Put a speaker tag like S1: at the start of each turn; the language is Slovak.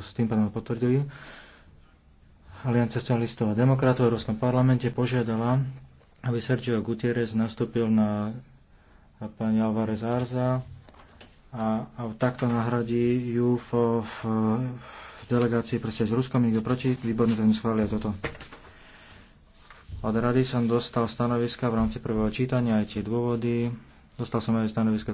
S1: s tým pádom potvrdili. Aliancia socialistov a demokratov v Európskom parlamente požiadala, aby Sergio Gutierrez nastúpil na pani Alvarez Arza a, a takto nahradí ju v, v, v delegácii proste s Ruskom, nikto proti, výborne to schvália toto. Od rady som dostal stanoviska v rámci prvého čítania, aj tie dôvody.
S2: Dostal som aj stanoviska